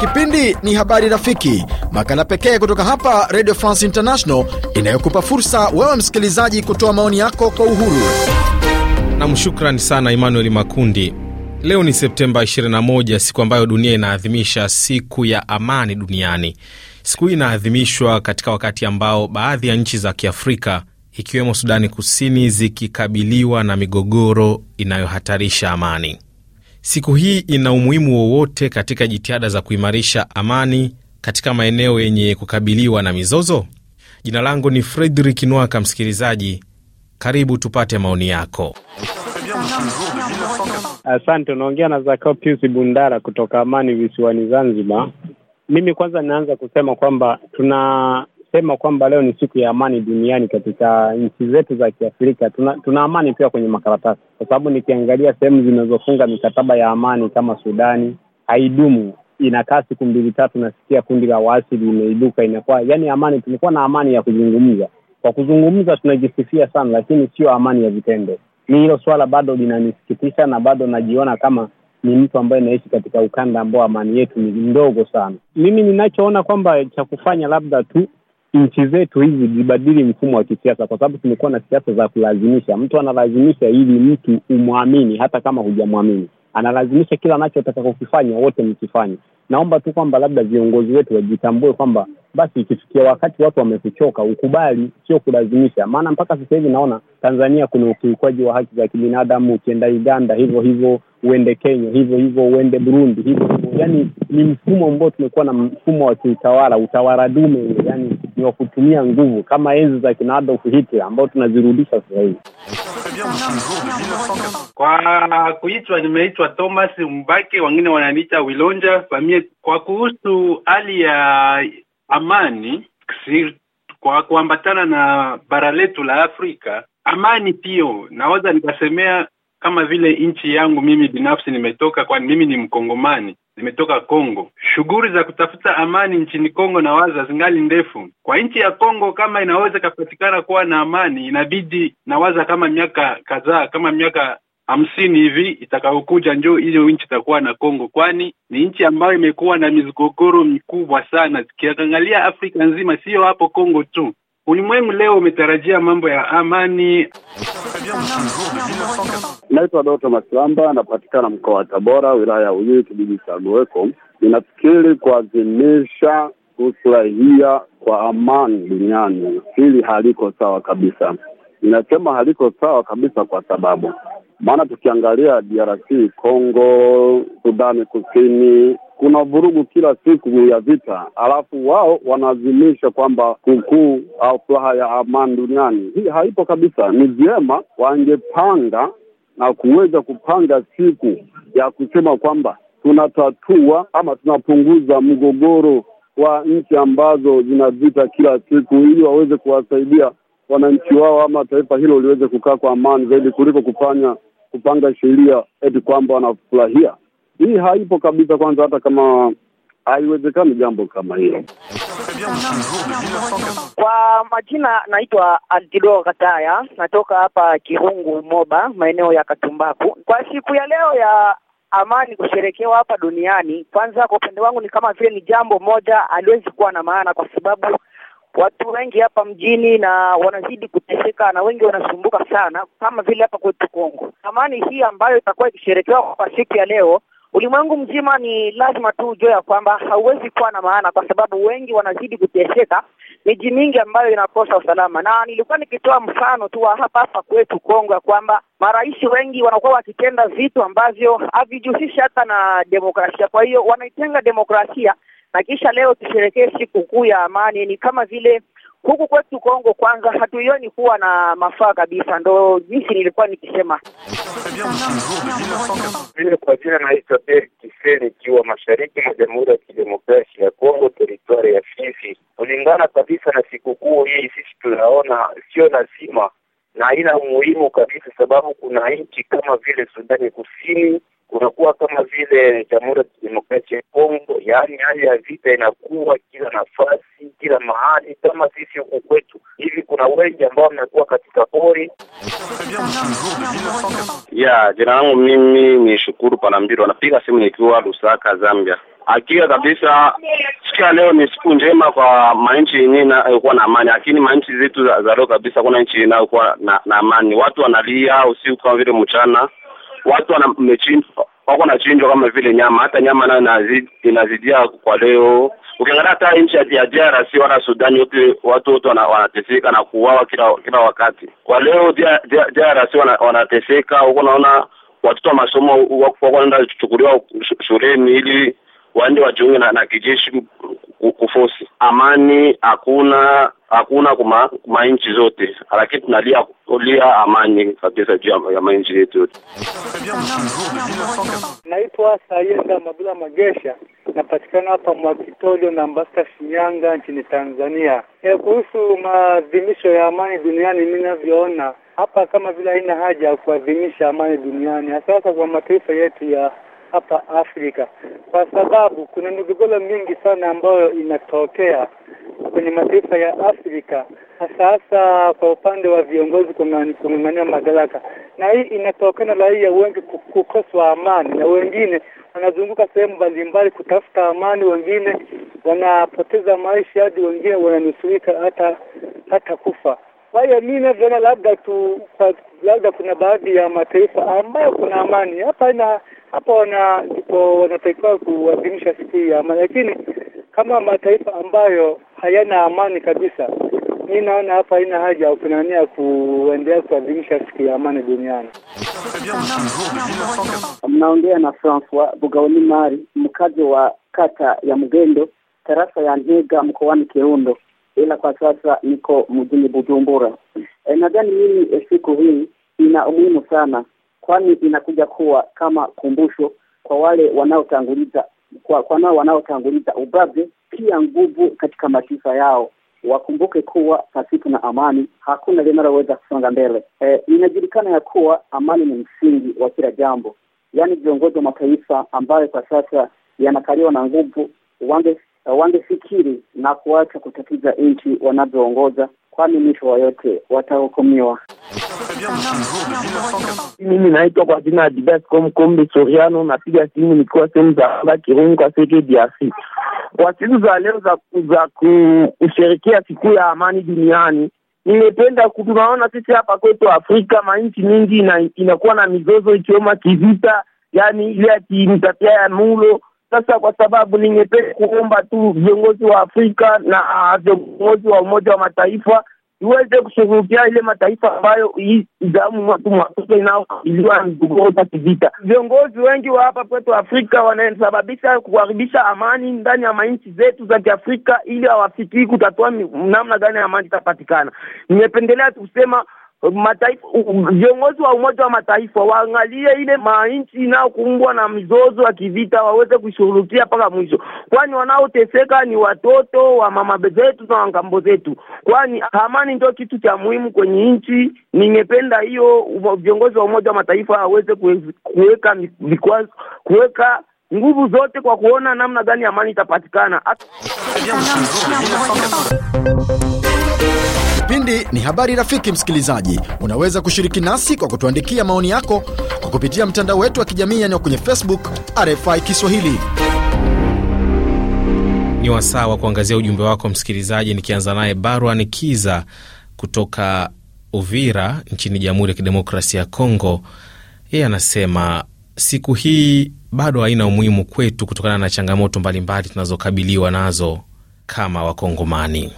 Kipindi ni Habari Rafiki, makala pekee kutoka hapa Radio France International inayokupa fursa wewe msikilizaji kutoa maoni yako kwa uhuru. Nam, shukrani sana Emmanuel Makundi. Leo ni Septemba 21, siku ambayo dunia inaadhimisha siku ya amani duniani. Siku hii inaadhimishwa katika wakati ambao baadhi ya nchi za Kiafrika ikiwemo Sudani Kusini zikikabiliwa na migogoro inayohatarisha amani. Siku hii ina umuhimu wowote katika jitihada za kuimarisha amani katika maeneo yenye kukabiliwa na mizozo? Jina langu ni Fredrik Nwaka. Msikilizaji, karibu tupate maoni yako. Asante. Unaongea na Zakapius Bundara kutoka Amani visiwani Zanzibar. Mimi kwanza ninaanza kusema kwamba tuna kusema kwamba leo ni siku ya amani duniani katika nchi zetu za Kiafrika tuna, tuna amani pia kwenye makaratasi, kwa sababu nikiangalia sehemu zinazofunga mikataba ya amani kama Sudani haidumu, inakaa siku mbili tatu, nasikia kundi la waasi limeibuka, inakuwa yani amani. Tumekuwa na amani ya kuzungumza, kwa kuzungumza tunajisifia sana, lakini sio amani ya vitendo. Ni hilo swala bado linanisikitisha na bado najiona kama ni mtu ambaye inaishi katika ukanda ambao amani yetu ni ndogo sana. Mimi ninachoona kwamba cha kufanya labda tu nchi zetu hizi zibadili mfumo wa kisiasa, kwa sababu tumekuwa na siasa za kulazimisha. Mtu analazimisha ili mtu umwamini, hata kama hujamwamini, analazimisha kila anachotaka kukifanya, wote mkifanye. Naomba tu kwamba labda viongozi wetu wajitambue kwamba basi ikifikia wakati watu wamekuchoka, ukubali, sio kulazimisha. Maana mpaka sasa hivi naona Tanzania kuna ukiukwaji wa haki za kibinadamu, ukienda Uganda hivyo hivyo, uende Kenya hivyo hivyo, uende Burundi hivyo hivyo. Yani ni mfumo ambao tumekuwa na mfumo wa kiutawala, utawala dume, yani ni wa kutumia nguvu kama enzi za kina Adolf Hitler ambao tunazirudisha sasa hivi. Kwa kuitwa nimeitwa Thomas Mbake, wengine wananiita Wilonja Famie. Kwa kuhusu hali ya amani kwa kuambatana na bara letu la Afrika, amani pio naweza nikasemea kama vile nchi yangu mimi binafsi nimetoka, kwani mimi ni Mkongomani zimetoka Kongo. Shughuli za kutafuta amani nchini Kongo na waza zingali ndefu. Kwa nchi ya Kongo, kama inaweza ikapatikana kuwa na amani, inabidi na waza kama miaka kadhaa, kama miaka hamsini hivi itakaokuja njo hiyo nchi itakuwa na Kongo, kwani ni nchi ambayo imekuwa na migogoro mikubwa sana. Tukiangalia Afrika nzima, siyo hapo Kongo tu, Ulimwengu leo umetarajia mambo ya amani. Naitwa Doto Masilamba, napatikana mkoa wa Tabora, wilaya ya Uyui, kijiji cha Lueko. Ninafikiri kuadhimisha kufurahia kwa amani duniani, hili haliko sawa kabisa. Ninasema haliko sawa kabisa kwa sababu maana tukiangalia DRC, Congo, Sudani Kusini kuna vurugu kila siku ya vita, alafu wao wanaazimisha kwamba kukuu au furaha ya amani duniani. Hii haipo kabisa. Ni vyema wangepanga na kuweza kupanga siku ya kusema kwamba tunatatua ama tunapunguza mgogoro wa nchi ambazo zina vita kila siku, ili waweze kuwasaidia wananchi wao ama taifa hilo liweze kukaa kwa amani zaidi kuliko kufanya kupanga sheria eti kwamba wanafurahia. Hii haipo kabisa, kwanza hata kama haiwezekani jambo kama hilo. Kwa majina naitwa Antidoro Kataya, natoka hapa Kirungu Moba, maeneo ya Katumbaku. Kwa siku ya leo ya amani kusherekewa hapa duniani, kwanza kwa upande wangu ni kama vile ni jambo moja aliwezi kuwa na maana, kwa sababu watu wengi hapa mjini na wanazidi kuteseka na wengi wanasumbuka sana, kama vile hapa kwetu Kongo. Amani hii ambayo itakuwa ikisherekewa kwa siku ya leo ulimwengu mzima, ni lazima tu ujue ya kwamba hauwezi kuwa na maana, kwa sababu wengi wanazidi kuteseka. Miji mingi ambayo inakosa usalama, na nilikuwa nikitoa mfano tu wa hapa hapa kwetu Kongo ya kwamba marais wengi wanakuwa wakitenda vitu ambavyo havijihusishi hata na demokrasia. Kwa hiyo wanaitenga demokrasia na kisha leo tusherekee sikukuu ya amani. Ni kama vile huku kwetu Kongo, kwanza hatuioni kuwa na mafaa kabisa, ndo jinsi nilikuwa nikisema vile. Kwa jina naitwa Ber Kiseni, ikiwa mashariki mwa Jamhuri ya Kidemokrasia ya Kongo, teritwari ya fifi Kulingana kabisa na sikukuu hii, sisi tunaona sio lazima na haina umuhimu kabisa, sababu kuna nchi kama vile Sudani Kusini kunakuwa kama vile Jamhuri ya Kidemokrasia ya Kongo, yaani hali ya vita inakuwa kila nafasi, kila mahali, kama sisi huku kwetu hivi. Kuna wengi ambao wamekuwa katika pori ya. Jina langu mimi ni Shukuru Panambiro, anapiga simu nikiwa Lusaka, Zambia. Hakika kabisa sikia, leo ni siku njema kwa manchi yenyewe inayokuwa na amani, lakini manchi zetu za leo kabisa, kuna nchi inayokuwa na, na amani. Watu wanalia usiku kama vile mchana watu wana wako nachinjwa kama vile nyama, hata nyama nayo inazidia kwa leo. Ukiangalia hata nchi ya DRC wala Sudani, yote watu wote wanateseka na kuuawa kila kila wakati. Kwa leo DRC wanateseka huko, naona watoto wa masomo wako wanaenda kuchukuliwa shuleni ili waende wajiunge na, na kijeshi kufosi amani. Hakuna hakuna kuma mainchi zote, lakini tunalia lia amani kabisa juu ya mainchi yetu yote. Naitwa Sayenda Mabula Magesha, napatikana hapa Mwakitolio na Ambasada Shinyanga nchini Tanzania. E, kuhusu maadhimisho ya amani duniani, mi navyoona hapa kama vile haina haja ya kuadhimisha amani duniani, hasa kwa mataifa yetu ya hapa Afrika, kwa sababu kuna migogoro mingi sana ambayo inatokea kwenye mataifa ya Afrika, hasa hasa kwa upande wa viongozi kung'ang'ania madaraka, na hii inatokana raia wengi kukoswa amani, na wengine wanazunguka sehemu mbalimbali kutafuta amani, wengine wanapoteza maisha, hadi wengine wananusurika hata hata kufa. Kwa hiyo mimi navyoona labda tu labda kuna baadhi ya mataifa ambayo kuna amani hapa ina hapa wana ndipo wanatakiwa kuadhimisha siku ya amani, lakini kama mataifa ambayo hayana amani kabisa, mi naona hapa haina haja ya kunania kuendelea kuadhimisha siku ya amani duniani. Mnaongea na Francois mari mkazi wa kata ya Mgendo, tarafa ya Ntega, mkoani Kirundo, ila kwa sasa niko mjini Bujumbura. E, nadhani mimi eh, siku hii ina umuhimu sana, kwani inakuja kuwa kama kumbusho kwa wale wanaotanguliza kwa, kwa nao wanaotanguliza ubabe pia nguvu katika mataifa yao wakumbuke kuwa pasipo na amani hakuna linaloweza kusonga mbele. E, inajulikana ya kuwa amani ni msingi wa kila jambo. Yaani viongozi wa mataifa ambayo kwa sasa yanakaliwa na nguvu wange Eh, wangefikiri na kuacha kutatiza nchi wanazoongoza, kwani mwisho wayote watahukumiwa. Mimi naitwa kwa jina ya Didasko Mkombe Soriano, napiga simu nikiwa sehemu za amba Kirungu kwa Seke DRC kwa siku za leo za kusherekea siku ya amani duniani. Nimependa kutunaona sisi hapa kwetu Afrika manchi mingi inakuwa na mizozo ikiwemo kivita, yani ile ya kimtatia ya mulo sasa, kwa sababu ni nyepesi kuomba tu viongozi wa Afrika na ah, viongozi wa Umoja wa Mataifa iweze kushughulikia ile mataifa ambayo hii damu mwatoto inayoiliwa migogoro za kivita. Viongozi wengi wa hapa kwetu Afrika wanasababisha kuharibisha amani ndani ya manchi zetu za Kiafrika, ili hawafikii kutatua namna gani amani itapatikana. Nimependelea tukusema mataifa viongozi wa Umoja wa Mataifa waangalie ile manchi inayokumbwa na mizozo ya kivita, waweze kushughulikia mpaka mwisho, kwani wanaoteseka ni watoto wa mama zetu na wangambo zetu, kwani amani ndio kitu cha muhimu kwenye nchi. Ningependa hiyo viongozi wa Umoja wa Mataifa waweze kuweka vikwazo, kuweka nguvu zote kwa kuona namna gani amani itapatikana. Kipindi ni Habari Rafiki. Msikilizaji, unaweza kushiriki nasi kwa kutuandikia maoni yako kwa kupitia mtandao wetu wa kijamii yaani kwenye Facebook RFI Kiswahili. Ni wasaa wa kuangazia ujumbe wako msikilizaji, nikianza naye Barwan Kiza kutoka Uvira nchini Jamhuri ya Kidemokrasia ya congo Yeye anasema siku hii bado haina umuhimu kwetu kutokana na changamoto mbalimbali tunazokabiliwa nazo kama Wakongomani.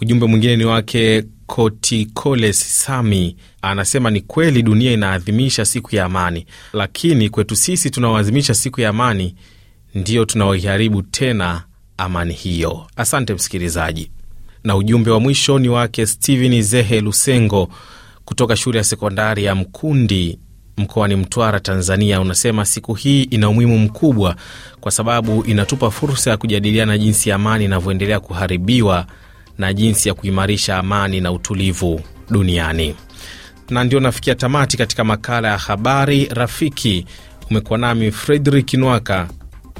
Ujumbe mwingine ni wake Kotikole Sami anasema ni kweli dunia inaadhimisha siku ya amani, lakini kwetu sisi tunaoadhimisha siku ya amani ndiyo tunaoiharibu tena amani hiyo. Asante msikilizaji. Na ujumbe wa mwisho ni wake Steven Zehe Lusengo kutoka shule ya sekondari ya Mkundi mkoani Mtwara, Tanzania. Unasema siku hii ina umuhimu mkubwa kwa sababu inatupa fursa ya kujadiliana jinsi amani inavyoendelea kuharibiwa na jinsi ya kuimarisha amani na utulivu duniani. Na ndio nafikia tamati katika makala ya habari rafiki. Umekuwa nami Fredrik Nwaka,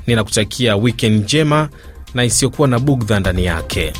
ninakutakia wikend njema na isiyokuwa na bugdha ndani yake.